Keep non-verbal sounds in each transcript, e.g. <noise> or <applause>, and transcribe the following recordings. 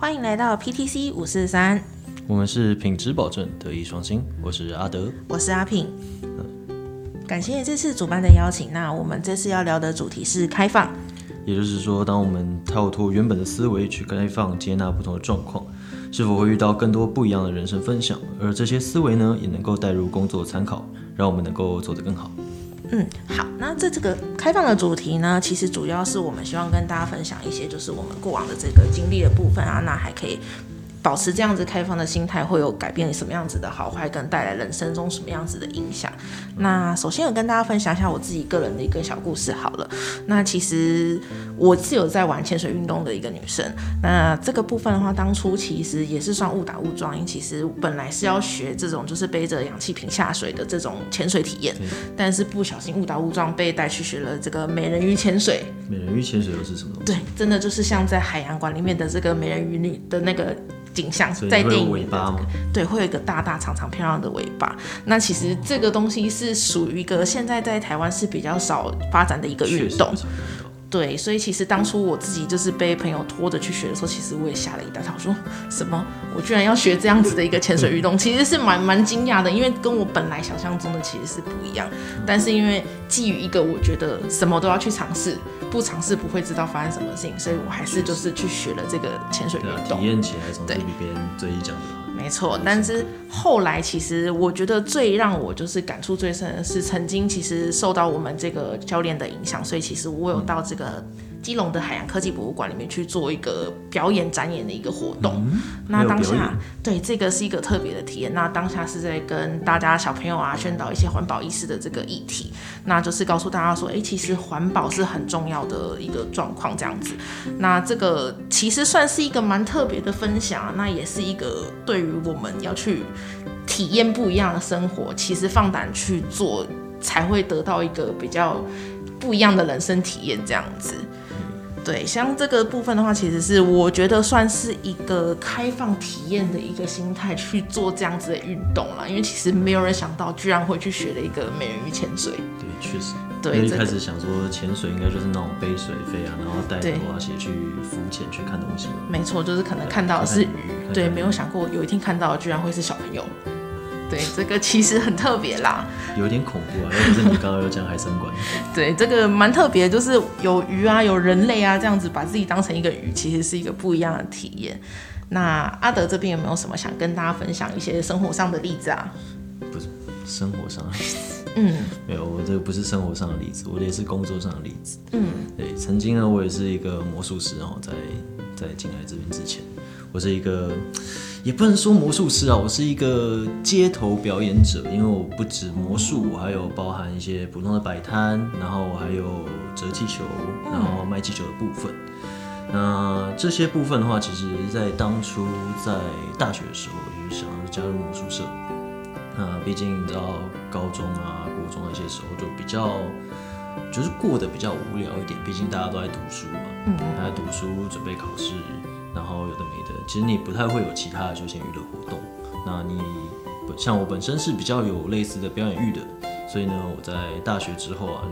歡迎來到 PTC 五四三，我們是品質保證，德藝雙馨。我是阿德，我是阿品。嗯，感謝這次主辦的邀請。那我們這次要聊的主題是開放，也就是說，當我們跳脫原本的思維去開放、接納不同的狀況，是否會遇到更多不一樣的人生分享？而這些思維呢，也能夠帶入工作參考，讓我們能夠做得更好。嗯，好。在這個開放的主題呢，其實主要是我們希望跟大家分享一些，就是我們過往的這個經歷的部分啊，那還可以。保持這樣子開放的心態，會有改變什麼樣子的好壞，跟帶來人生中什麼樣子的影響。那首先我跟大家分享一下我自己個人的一個小故事好了。那其實我是有在玩潛水運動的一個女生。那這個部分的話，當初其實也是算誤打誤撞，因為其實本來是要學這種就是背着氧氣瓶下水的這種潛水體驗，Okay. 但是不小心誤打誤撞被帶去學了這個美人魚潛水。美人魚潛水又是什麼東西？對，真的就是像在海洋館裡面的這個美人魚裡的那個。景象在電影裡，這個，對，會有一個大大長長漂亮的尾巴。那其實這個東西是屬於一個現在在台灣是比較少發展的一個運動。是是是是。對，所以其實當初我自己就是被朋友拖着去學的時候，其實我也嚇了一大跳。我說什麼？我居然要學這樣子的一個潛水運動，其實是蠻蠻驚訝的，因為跟我本來想象中的其實是不一樣。但是因為基於一個我覺得什麼都要去嘗試，不嘗試不會知道發生什麼事情，所以我還是就是去學了這個潛水運動。體驗起來，對，比別人嘴裡講的沒錯，但是後來其實我覺得最讓我就是感觸最深的是，曾經其實受到我們這個教練的影響，所以其實我有到這個。基隆的海洋科技博物館裡面去做一個表演展演的一個活動，嗯、那當下對這個是一個特別的體驗。那當下是在跟大家小朋友啊宣導一些環保意識的這個議題，那就是告訴大家說，哎，其實環保是很重要的一個狀況，這樣子。那這個其實算是一個蠻特別的分享，那也是一個對於我們要去體驗不一樣的生活，其實放膽去做，才會得到一個比較不一樣的人生體驗，這樣子。對，像這個部分的話，其實是我覺得算是一個開放體驗的一個心態去做這樣子的運動啦，因為其實沒有人想到，居然會去學了一個美人魚潛水。對，確實。對，一開始想說潛水應該就是那種背水肺啊，嗯、然後帶拖鞋對去浮潛，去看東西。嗯、沒錯，就是可能看到的是、嗯、看看魚。看看魚，對，沒有想過有一天看到居然會是小朋友。對，這個其實很特別啦，有點恐怖啊，要不是你剛剛有講海參館。 <laughs> 對，這個蠻特別，就是有魚啊，有人類啊，這樣子把自己當成一個魚，其實是一個不一樣的體驗。那阿德這邊有沒有什麼想跟大家分享一些生活上的例子啊？不是生活上的例子，嗯，沒有，我這個不是生活上的例子，我這也是工作上的例子。嗯，對，曾經呢，我也是一個魔術師哦，在在進來這邊之前，我是一個。也不能說魔術師啊，我是一個街頭表演者，因為我不止魔術，還有包含一些普通的擺攤，然後我還有折氣球，然後賣氣球的部分。那這些部分的話，其實在當初在大學的時候，就想要加入魔術社。那畢竟到高中啊、國中那些時候就比較，就是過得比較無聊一點，畢竟大家都愛讀書嘛，嗯，來讀書準備考試，然後有的。其實你不太會有其他的休閒娛樂活動，那你像我本身是比較有類似的表演欲的，所以呢，我在大學之後啊，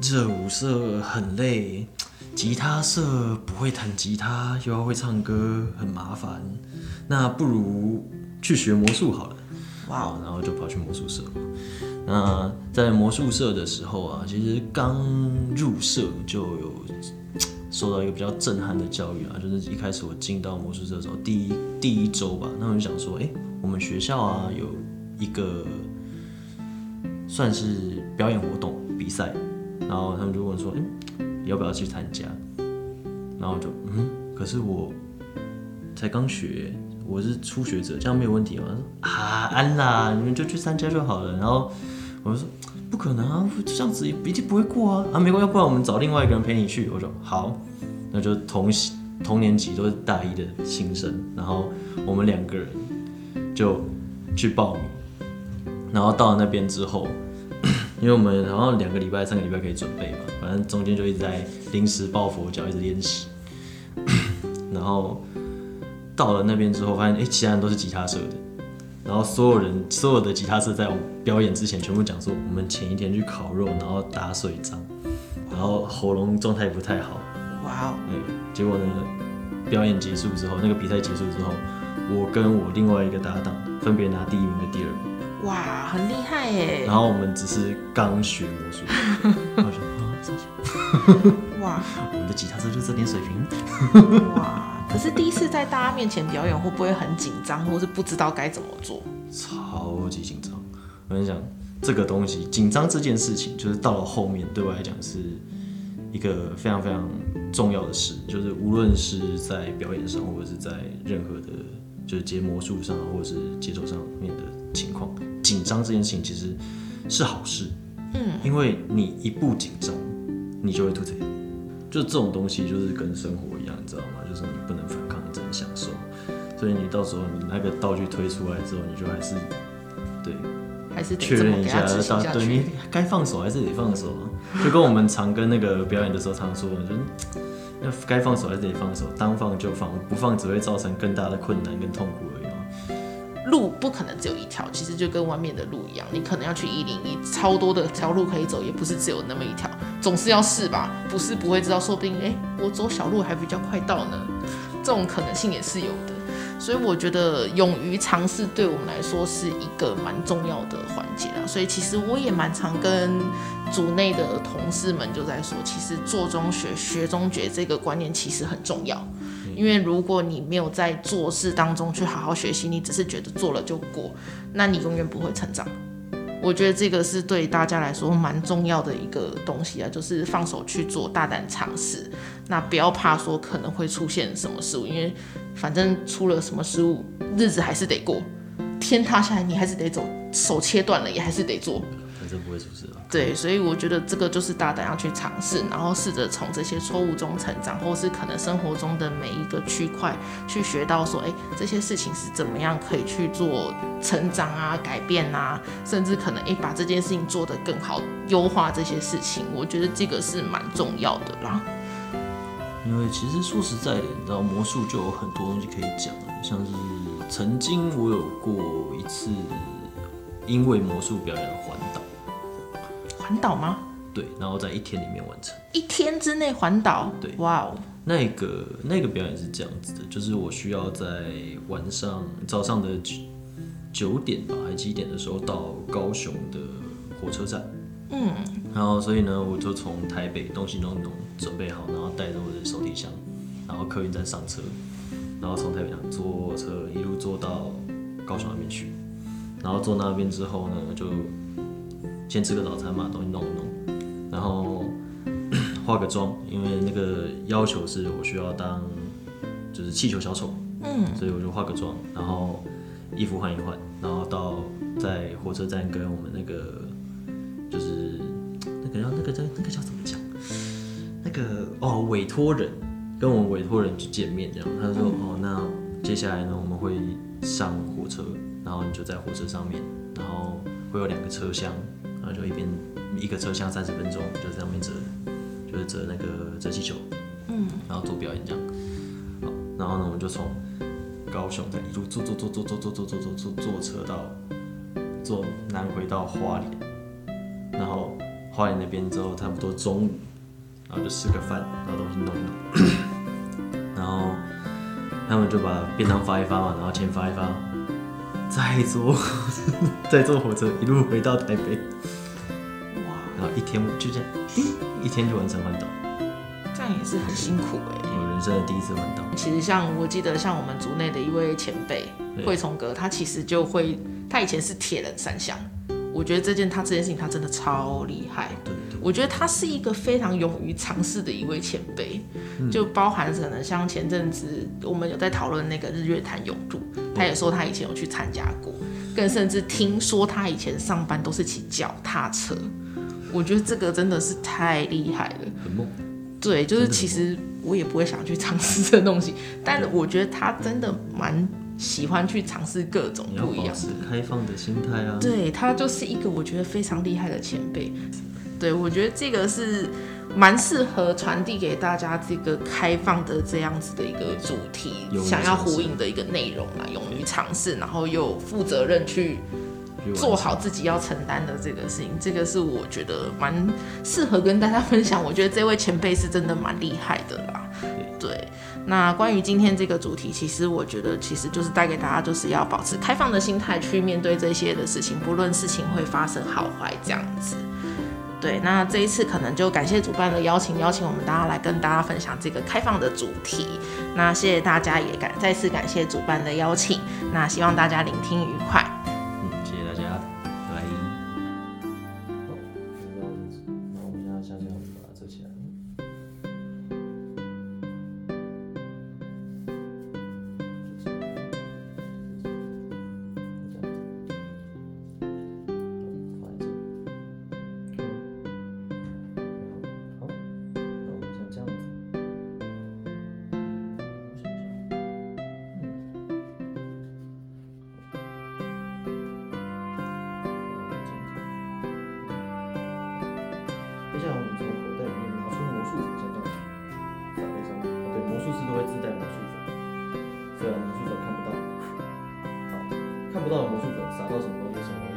就，熱舞社很累，吉他社不會彈吉他又要會唱歌，很麻煩，那不如去學魔術好了，哇，Wow. 然後就跑去魔術社了。那在魔術社的時候啊，其實剛入社就有受到一個比較震撼的教育啊，就是一開始我進到魔術社的時候，第一第一周吧，那我就想說，哎、欸，我們學校啊有一個算是表演活動比賽，然後他們就問說，嗯、欸，要不要去參加？然後就嗯，可是我才剛學。我是初學者，這樣沒有問題嗎？他說啊，安啦，你們就去參加就好了。然後我說不可能啊，這樣子一定不會過啊啊！沒關係，要不然我們找另外一個人陪你去。我說好，那就同同年級都是大一的新生，然後我們兩個人就去報名。然後到了那邊之後，因為我們好像兩個禮拜、三個禮拜可以準備嘛，反正中間就一直在臨時抱佛腳，一直練習。然後。到了那邊之後，發現哎、欸，其他人都是吉他社的，然後所有人所有的吉他社在我表演之前，全部講說我們前一天去烤肉，然後打水仗，然後喉嚨狀態不太好。哇哦 Wow.！結果呢，表演結束之後，那個比賽結束之後，我跟我另外一個搭檔分別拿第一名和第二名。哇、wow，很厲害耶！然後我們只是剛學魔術。哇！ <laughs> 哦、 <laughs> Wow. 我們的吉他社就這點水平。哇 <laughs> 可是第一次在大家面前表演， <laughs> 會不會很緊張，或是不知道該怎麼做？超級緊張。我跟你講，這個東西，緊張這件事情，就是到了後面，對我來講是一個非常非常重要的事。就是無論是在表演上，或者是在任何的，就是節魔術上，或者是節奏上面的情況，緊張這件事情其實是好事。嗯，因為你一不緊張，你就會吐槽。就這種東西，就是跟生活一樣，你知道嗎？就是你不能反抗，你只能享受，所以你到時候你那個道具推出來之後，你就還是對，還是確認一下，下對，你該放手還是得放手。嗯、就跟我們常跟那個表演的時候常說的， <laughs> 就那該放手還是得放手，當放就放，不放只會造成更大的困難跟痛苦而已。路不可能只有一條，其實就跟外面的路一樣，你可能要去一零一，超多的條路可以走，也不是只有那麼一條，總是要試吧？不試不會知道，說不定哎、欸，我走小路還比較快到呢，這種可能性也是有的，所以我覺得勇於嘗試對我們來說是一個蠻重要的環節啦，所以其實我也蠻常跟組內的同事們就在說，其實做中學學中學這個觀念其實很重要。因為如果你沒有在做事當中去好好學習，你只是覺得做了就過，那你永遠不會成長。我覺得這個是對大家來說蠻重要的一個東西啊，就是放手去做，大膽嘗試，那不要怕說可能會出現什麼失誤，因為反正出了什麼失誤，日子還是得過，天塌下來你還是得走，手切斷了也還是得做。不會出事、啊、對，所以我覺得這個就是大膽要去嘗試，然後試着從這些錯誤中成長，或是可能生活中的每一個區塊去學到說，哎，這些事情是怎麼樣可以去做成長啊、改變啊，甚至可能哎把這件事情做得更好、優化這些事情，我覺得這個是蠻重要的啦。因為其實說實在的，你知道魔術就有很多東西可以講，像是曾經我有過一次，因為魔術表演的環。環島嗎？對，然後在一天裡面完成。一天之內環島？對，哇哦 Wow，那個那個表演是這樣子的，就是我需要在晚上早上的九點吧，還幾點的時候到高雄的火車站。嗯，然後所以呢，我就從台北東西都弄，準備好，然後帶着我的手提箱，然後客運站上車，然後從台北站坐車一路坐到高雄那邊去，然後坐那邊之後呢就。先吃個早餐嘛，東西弄一弄，然後化個妝，因為那個要求是我需要當就是氣球小丑，嗯，所以我就化個妝，然後衣服換一換，然後到在火車站跟我們那個就是那個叫那個叫、那個、那個叫怎麼講那個哦委託人跟我們委託人去見面這樣，他說哦，那接下來呢，我們會上火車，然後你就在火車上面，然後會有兩個車廂。然後就一邊一個車廂三十分鐘，就在那邊折，就是折那個折氣球，嗯，然後做表演這樣。好，然後呢，我們就從高雄再一路坐坐坐坐坐坐坐坐坐坐車到坐南回到花蓮，然後花蓮那邊之後差不多中午，然後就吃個飯，然後東西弄一弄，然後他們就把便當發一發嘛，然後錢發一發，再坐再坐火車一路回到台北。一天就這樣，嗯、一天就完成環島，這樣也是很辛苦哎、欸。我、嗯、人生的第一次環島。其實像我記得，像我們組內的一位前輩，惠崇哥，他其實就會，他以前是鐵人三項。我覺得這件他這件事情，他真的超厲害。對，對對。我覺得他是一個非常勇於嘗試的一位前輩，嗯、就包含可能像前陣子我們有在討論那個日月潭泳渡，他也說他以前有去參加過，對更甚至聽說他以前上班都是騎腳踏車。我覺得這個真的是太厲害了，很夢夢。對，就是其實我也不會想去嘗試這東西，但我覺得他真的蠻喜歡去嘗試各種不一樣的，開放的心態啊。對，他就是一個我覺得非常厲害的前輩，對，我覺得這個是蠻適合傳遞給大家這個開放的這樣子的一個主題，想要呼應的一個內容啊，勇於嘗試，然後又負責任去做好自己要承擔的這個事情，這個是我覺得蠻適合跟大家分享。我覺得這位前輩是真的蠻厲害的啦。對，那關於今天這個主題，其實我覺得其實就是帶給大家就是要保持開放的心態去面對這些的事情，不論事情會發生好壞這樣子。對，那這一次可能就感謝主辦的邀請，邀請我們大家來跟大家分享這個開放的主題。那謝謝大家，也感再次感謝主辦的邀請。那希望大家聆聽愉快。不知道魔術粉撒到什麼東西上了。